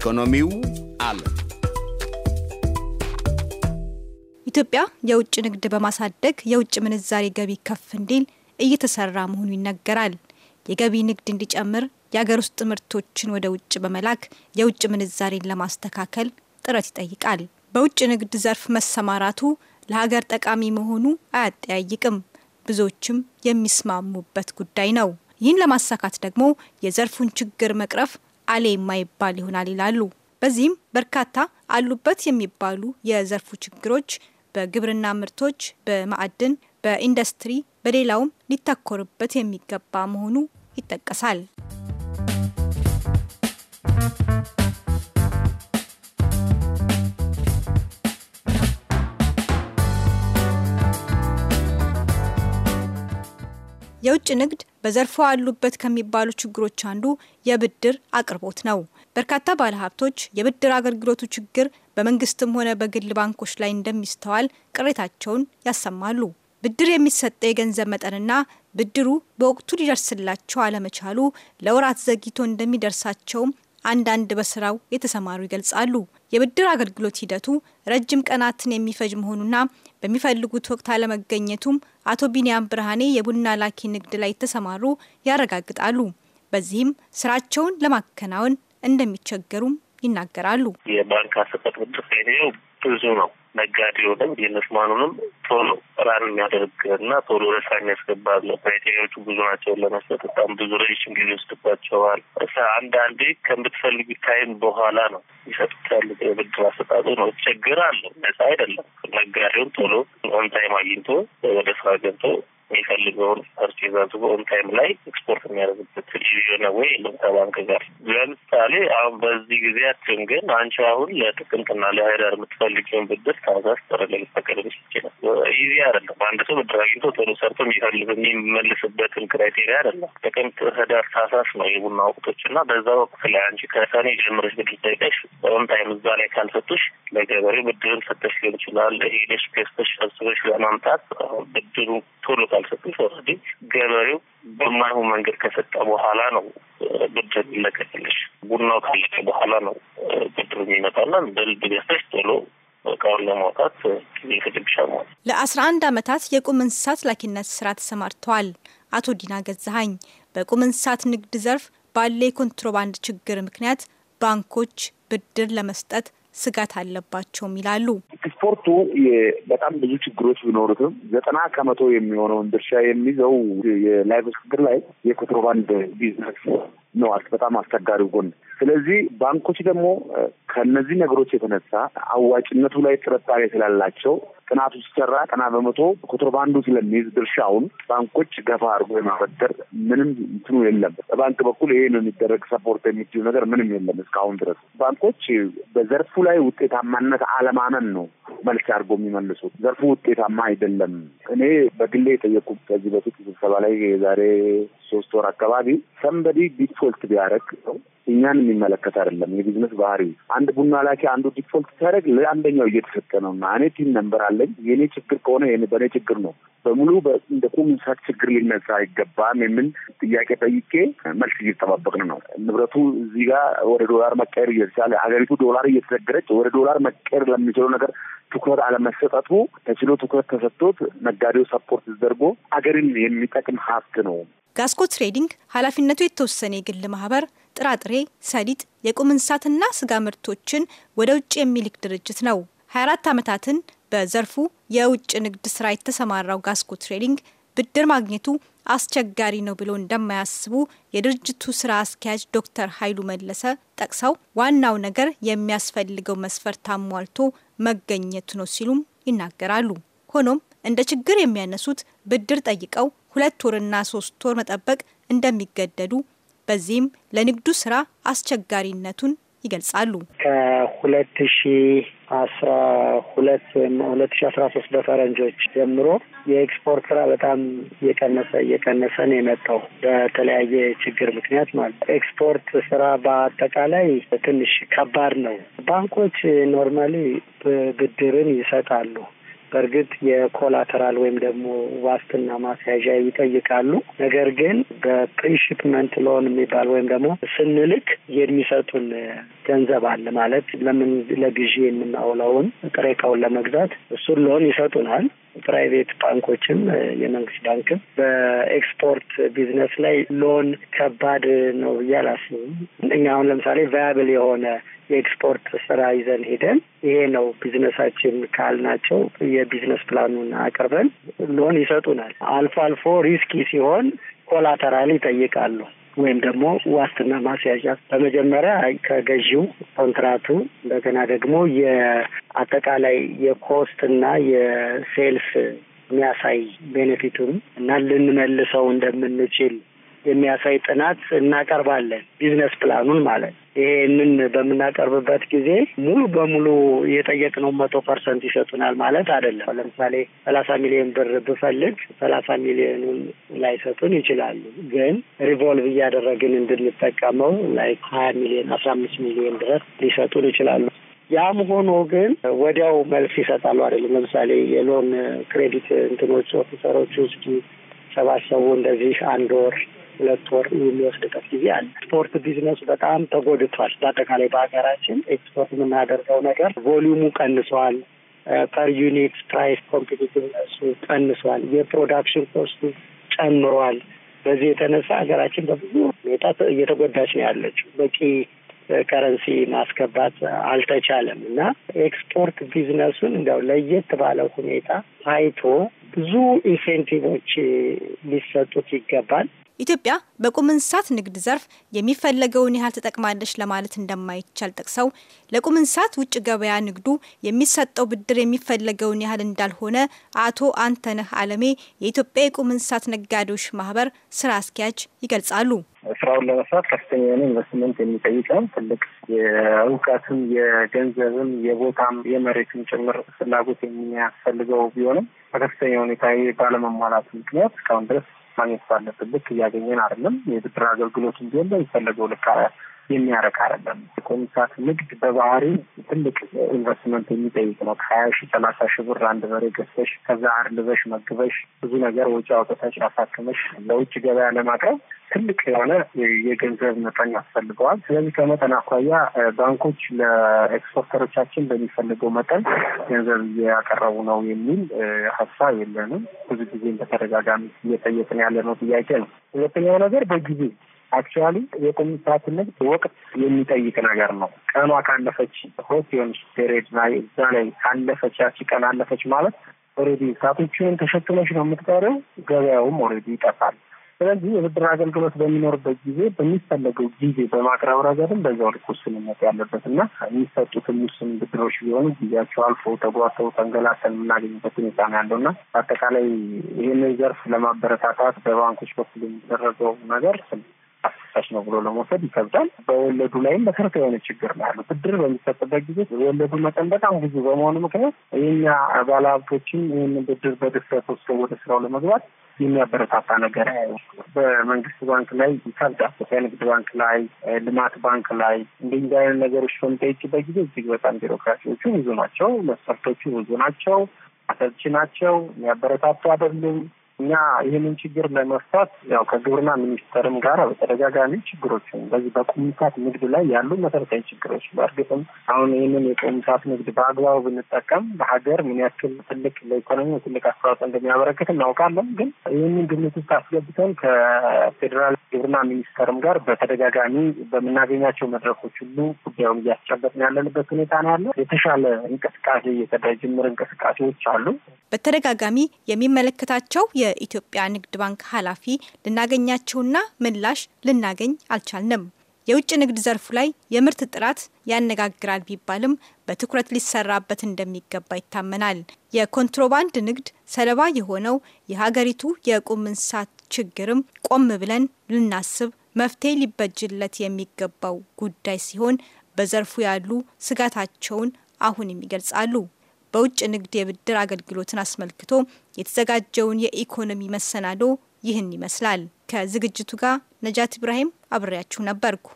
ኢኮኖሚው አለ። ኢትዮጵያ የውጭ ንግድ በማሳደግ የውጭ ምንዛሬ ገቢ ከፍ እንዲል እየተሰራ መሆኑ ይነገራል። የገቢ ንግድ እንዲጨምር የአገር ውስጥ ምርቶችን ወደ ውጭ በመላክ የውጭ ምንዛሬን ለማስተካከል ጥረት ይጠይቃል። በውጭ ንግድ ዘርፍ መሰማራቱ ለሀገር ጠቃሚ መሆኑ አያጠያይቅም። ብዙዎችም የሚስማሙበት ጉዳይ ነው። ይህን ለማሳካት ደግሞ የዘርፉን ችግር መቅረፍ አሌ የማይባል ይሆናል ይላሉ። በዚህም በርካታ አሉበት የሚባሉ የዘርፉ ችግሮች በግብርና ምርቶች፣ በማዕድን፣ በኢንዱስትሪ፣ በሌላውም ሊተኮርበት የሚገባ መሆኑ ይጠቀሳል። የውጭ ንግድ በዘርፉ አሉበት ከሚባሉ ችግሮች አንዱ የብድር አቅርቦት ነው። በርካታ ባለሀብቶች የብድር አገልግሎቱ ችግር በመንግስትም ሆነ በግል ባንኮች ላይ እንደሚስተዋል ቅሬታቸውን ያሰማሉ። ብድር የሚሰጠው የገንዘብ መጠንና ብድሩ በወቅቱ ሊደርስላቸው አለመቻሉ ለወራት ዘግይቶ እንደሚደርሳቸውም አንዳንድ በስራው የተሰማሩ ይገልጻሉ። የብድር አገልግሎት ሂደቱ ረጅም ቀናትን የሚፈጅ መሆኑና በሚፈልጉት ወቅት አለመገኘቱም አቶ ቢንያም ብርሃኔ የቡና ላኪ ንግድ ላይ የተሰማሩ ያረጋግጣሉ። በዚህም ስራቸውን ለማከናወን እንደሚቸገሩም ይናገራሉ። የባንክ አሰጣጥ ብዙ ነው ነጋዴውንም የነስማኑንም ቶሎ ራን የሚያደርግ እና ቶሎ ረሳ ስራ የሚያስገባ ነው። ክራይቴሪያዎቹ ብዙ ናቸው። ለመስጠት በጣም ብዙ ረጅም ጊዜ ይወስድባቸዋል። አንዳንዴ ከምትፈልጉት ታይም በኋላ ነው ይሰጡታል። የብድር አሰጣጡ ነው ችግር አለው። ነጻ አይደለም። ነጋዴውን ቶሎ ኦንታይም አግኝቶ ወደ ስራ ገብቶ የሚፈልገውን ፐርቼዝ አድርጎ ታይም ላይ ኤክስፖርት የሚያደርግበት የሆነ ወይ የለም ከባንክ ጋር። ለምሳሌ አሁን በዚህ ጊዜ ጊዜያችን ግን አንቺ አሁን ለጥቅምትና ለህዳር የምትፈልጊውን ብድር ታህሳስ ጥር ላይ ሊፈቀድልሽ ይችላል። ኢዚ አይደለም። አንድ ሰው ብድር አግኝቶ ቶሎ ሰርቶ የሚፈልግ የሚመልስበትን ክራይቴሪያ አይደለም። ጥቅምት፣ ህዳር፣ ታህሳስ ነው የቡና ወቅቶች እና በዛ ወቅት ላይ አንቺ ከሰኔ ጀምረሽ ብድር ጠይቀሽ ታይም እዛ ላይ ካልሰጡሽ ለገበሬው ብድርን ሰጠሽ ሊሆን ይችላል ሄደሽ ፔስቶች ሰብስበሽ ለማምጣት ብድሩ ቶሎ ስላልሰጡት ኦልሬዲ ገበሬው በማይሆን መንገድ ከሰጠ በኋላ ነው ብድር የሚለቀቅልሽ። ቡናው ካለቀ በኋላ ነው ብድር የሚመጣና በልብ ገዝተሽ ቶሎ እቃውን ለማውጣት ጊዜ ማለት ነው። ለአስራ አንድ አመታት የቁም እንስሳት ላኪነት ስራ ተሰማርተዋል አቶ ዲና ገዛሀኝ በቁም እንስሳት ንግድ ዘርፍ ባለ የኮንትሮባንድ ችግር ምክንያት ባንኮች ብድር ለመስጠት ስጋት አለባቸውም ይላሉ። ስፖርቱ በጣም ብዙ ችግሮች ቢኖሩትም ዘጠና ከመቶ የሚሆነውን ድርሻ የሚይዘው የላይቭ ችግር ላይ የኮንትሮባንድ ቢዝነስ ነው በጣም አስቸጋሪው ጎን። ስለዚህ ባንኮች ደግሞ ከነዚህ ነገሮች የተነሳ አዋጭነቱ ላይ ጥርጣሬ ስላላቸው ጥናቱ ሲሰራ ቀና በመቶ ኮንትሮባንዱ ስለሚይዝ ድርሻውን ባንኮች ገፋ አድርጎ የማበደር ምንም እንትኑ የለም። በባንክ በኩል ይሄ ነው የሚደረግ ሰፖርት የሚችሉ ነገር ምንም የለም እስካሁን ድረስ። ባንኮች በዘርፉ ላይ ውጤታማነት አለማመን ነው መልክ አድርጎ የሚመልሱት ዘርፉ ውጤታማ አይደለም። እኔ በግሌ የጠየቁት ከዚህ በፊት ስብሰባ ላይ የዛሬ ሶስት ወር አካባቢ ሰንበዲ ዲፎልት ቢያደርግ እኛን የሚመለከት አይደለም። የቢዝነስ ባህሪ አንድ ቡና ላኪ አንዱ ዲፎልት ሲያደርግ ለአንደኛው እየተሰጠ ነው እና እኔ ቲም ነንበር አለኝ። የእኔ ችግር ከሆነ በእኔ ችግር ነው በሙሉ እንደ ቁም እንስሳት ችግር ሊነሳ አይገባም የሚል ጥያቄ ጠይቄ መልስ እየተጠባበቅን ነው። ንብረቱ እዚህ ጋር ወደ ዶላር መቀየር እየተቻለ ሀገሪቱ ዶላር እየተቸገረች ወደ ዶላር መቀየር ለሚችለው ነገር ትኩረት አለመሰጠቱ ተችሎ ትኩረት ተሰጥቶት ነጋዴው ሰፖርት ተደርጎ አገርን የሚጠቅም ሀብት ነው። ጋስኮ ትሬዲንግ ኃላፊነቱ የተወሰነ የግል ማህበር ጥራጥሬ፣ ሰሊጥ፣ የቁም እንስሳትና ስጋ ምርቶችን ወደ ውጭ የሚልክ ድርጅት ነው። 24 ዓመታትን በዘርፉ የውጭ ንግድ ስራ የተሰማራው ጋስኮ ትሬዲንግ ብድር ማግኘቱ አስቸጋሪ ነው ብሎ እንደማያስቡ የድርጅቱ ስራ አስኪያጅ ዶክተር ኃይሉ መለሰ ጠቅሰው ዋናው ነገር የሚያስፈልገው መስፈርት አሟልቶ መገኘቱ ነው ሲሉም ይናገራሉ። ሆኖም እንደ ችግር የሚያነሱት ብድር ጠይቀው ሁለት ወርና ሶስት ወር መጠበቅ እንደሚገደዱ፣ በዚህም ለንግዱ ስራ አስቸጋሪነቱን ይገልጻሉ። ከሁለት ሺ አስራ ሁለት ወይም ሁለት ሺ አስራ ሶስት በፈረንጆች ጀምሮ የኤክስፖርት ስራ በጣም እየቀነሰ እየቀነሰ ነው የመጣው በተለያየ ችግር ምክንያት ማለት ኤክስፖርት ስራ በአጠቃላይ ትንሽ ከባድ ነው። ባንኮች ኖርማሊ ብድርን ይሰጣሉ በእርግጥ የኮላተራል ወይም ደግሞ ዋስትና ማስያዣ ይጠይቃሉ። ነገር ግን በፕሪሽፕመንት ሎን የሚባል ወይም ደግሞ ስንልክ የሚሰጡን ገንዘብ አለ ማለት ለምን ለግዢ የምናውለውን ጥሬ ለመግዛት እሱን ሎን ይሰጡናል። ፕራይቬት ባንኮችም የመንግስት ባንክም በኤክስፖርት ቢዝነስ ላይ ሎን ከባድ ነው እያላስ እኛ አሁን ለምሳሌ ቫያብል የሆነ የኤክስፖርት ስራ ይዘን ሄደን ይሄ ነው ቢዝነሳችን ካልናቸው የቢዝነስ ፕላኑን አቅርበን ሎን ይሰጡናል። አልፎ አልፎ ሪስኪ ሲሆን ኮላተራል ይጠይቃሉ ወይም ደግሞ ዋስትና ማስያዣ በመጀመሪያ ከገዢው ኮንትራቱ፣ እንደገና ደግሞ የአጠቃላይ የኮስት እና የሴልስ የሚያሳይ ቤኔፊቱን እና ልንመልሰው እንደምንችል የሚያሳይ ጥናት እናቀርባለን። ቢዝነስ ፕላኑን ማለት ይሄንን በምናቀርብበት ጊዜ ሙሉ በሙሉ የጠየቅነው መቶ ፐርሰንት ይሰጡናል ማለት አይደለም። ለምሳሌ ሰላሳ ሚሊዮን ብር ብፈልግ ሰላሳ ሚሊዮኑን ላይሰጡን ይችላሉ። ግን ሪቮልቭ እያደረግን እንድንጠቀመው ላይ ሀያ ሚሊዮን አስራ አምስት ሚሊዮን ድረስ ሊሰጡን ይችላሉ። ያም ሆኖ ግን ወዲያው መልስ ይሰጣሉ አይደለም። ለምሳሌ የሎን ክሬዲት እንትኖች ኦፊሰሮቹ እስኪ ሰባሰቡ እንደዚህ አንድ ወር ሁለት ወር የሚወስድበት ጊዜ አለ። ኤክስፖርት ቢዝነሱ በጣም ተጎድቷል። በአጠቃላይ በሀገራችን ኤክስፖርት የምናደርገው ነገር ቮሊዩሙ ቀንሷል። ፐር ዩኒት ፕራይስ ኮምፒቲቲቭነሱ ቀንሷል። የፕሮዳክሽን ኮስቱ ጨምሯል። በዚህ የተነሳ ሀገራችን በብዙ ሁኔታ እየተጎዳች ነው ያለችው። በቂ ከረንሲ ማስገባት አልተቻለም እና ኤክስፖርት ቢዝነሱን እንደው ለየት ባለ ሁኔታ አይቶ ብዙ ኢንሴንቲቮች ሊሰጡት ይገባል። ኢትዮጵያ በቁም እንስሳት ንግድ ዘርፍ የሚፈለገውን ያህል ተጠቅማለች ለማለት እንደማይቻል ጠቅሰው ለቁም እንስሳት ውጭ ገበያ ንግዱ የሚሰጠው ብድር የሚፈለገውን ያህል እንዳልሆነ አቶ አንተነህ አለሜ የኢትዮጵያ የቁም እንስሳት ነጋዴዎች ማህበር ስራ አስኪያጅ ይገልጻሉ። ስራውን ለመስራት ከፍተኛ የሆነ ኢንቨስትመንት የሚጠይቅ ነው። ትልቅ የእውቀትም የገንዘብም የቦታም የመሬትም ጭምር ፍላጎት የሚያስፈልገው ቢሆንም በከፍተኛ ሁኔታ ባለመሟላት ምክንያት እስካሁን ድረስ ማግኘት ባለብን ልክ እያገኘን አይደለም። የብድር አገልግሎት እንዲሆን በሚፈለገው ልክ የሚያረቅ አይደለም። ኮንትራት ንግድ በባህሪው ትልቅ ኢንቨስትመንት የሚጠይቅ ነው። ከሀያ ሺ ሰላሳ ሺ ብር አንድ በሬ ገዝተሽ ከዛ አርልበሽ መግበሽ ብዙ ነገር ወጪ አውጥተሽ አሳክመሽ ለውጭ ገበያ ለማቅረብ ትልቅ የሆነ የገንዘብ መጠን ያስፈልገዋል። ስለዚህ ከመጠን አኳያ ባንኮች ለኤክስፖርተሮቻችን በሚፈልገው መጠን ገንዘብ እያቀረቡ ነው የሚል ሀሳብ የለንም። ብዙ ጊዜ በተደጋጋሚ እየጠየቅን ያለ ነው ጥያቄ ነው። ሁለተኛው ነገር በጊዜ አክቹዋሊ የቁም ሰዓት ንግድ ወቅት የሚጠይቅ ነገር ነው። ቀኗ ካለፈች ሆት የሆነች ፔሬድ ላይ እዛ ላይ ካለፈች ያቺ ቀን አለፈች ማለት ኦልሬዲ ሰዓቶችንም ተሸክመሽ ነው የምትቀሪው። ገበያውም ኦልሬዲ ይጠፋል። ስለዚህ የብድር አገልግሎት በሚኖርበት ጊዜ በሚፈለገው ጊዜ በማቅረብ ረገድም በዛው ልክ ውስንነት ያለበት እና የሚሰጡትም ውስን ብድሮች ቢሆኑ ጊዜያቸው አልፎ ተጓተው ተንገላተን የምናገኝበት ሁኔታ ነው ያለው እና አጠቃላይ ይህን ዘርፍ ለማበረታታት በባንኮች በኩል የሚደረገው ነገር ተጠቃሽ ነው ብሎ ለመውሰድ ይከብዳል። በወለዱ ላይም መሰረታዊ የሆነ ችግር ነው ያለው። ብድር በሚሰጥበት ጊዜ የወለዱ መጠን በጣም ብዙ በመሆኑ ምክንያት የኛ ባለ ሀብቶችን ብድር በድፍረት ወስደው ወደ ስራው ለመግባት የሚያበረታታ ነገር በመንግስት ባንክ ላይ ይከብዳል። በንግድ ባንክ ላይ፣ ልማት ባንክ ላይ እንዲህ አይነት ነገሮች በምጠይቅበት ጊዜ እጅግ በጣም ቢሮክራሲዎቹ ብዙ ናቸው፣ መስፈርቶቹ ብዙ ናቸው፣ አሰልቺ ናቸው፣ የሚያበረታቱ አይደሉም። እኛ ይህንን ችግር ለመፍታት ያው ከግብርና ሚኒስቴርም ጋር በተደጋጋሚ ችግሮችን በዚህ በቁምሳት ንግድ ላይ ያሉ መሰረታዊ ችግሮች በእርግጥም አሁን ይህንን የቁምሳት ንግድ በአግባቡ ብንጠቀም በሀገር ምን ያክል ትልቅ ለኢኮኖሚ ትልቅ አስተዋጽኦ እንደሚያበረክት እናውቃለን። ግን ይህንን ግምት ውስጥ አስገብተን ከፌዴራል ግብርና ሚኒስቴርም ጋር በተደጋጋሚ በምናገኛቸው መድረኮች ሁሉ ጉዳዩን እያስጨበጥን ያለንበት ሁኔታ ነው ያለ። የተሻለ እንቅስቃሴ ጅምር እንቅስቃሴዎች አሉ። በተደጋጋሚ የሚመለከታቸው የ የኢትዮጵያ ንግድ ባንክ ኃላፊ ልናገኛቸውና ምላሽ ልናገኝ አልቻልንም። የውጭ ንግድ ዘርፉ ላይ የምርት ጥራት ያነጋግራል ቢባልም በትኩረት ሊሰራበት እንደሚገባ ይታመናል። የኮንትሮባንድ ንግድ ሰለባ የሆነው የሀገሪቱ የቁም እንስሳት ችግርም ቆም ብለን ልናስብ መፍትሄ ሊበጅለት የሚገባው ጉዳይ ሲሆን በዘርፉ ያሉ ስጋታቸውን አሁንም ይገልጻሉ። በውጭ ንግድ የብድር አገልግሎትን አስመልክቶ የተዘጋጀውን የኢኮኖሚ መሰናዶ ይህን ይመስላል። ከዝግጅቱ ጋር ነጃት ኢብራሂም አብሬያችሁ ነበርኩ።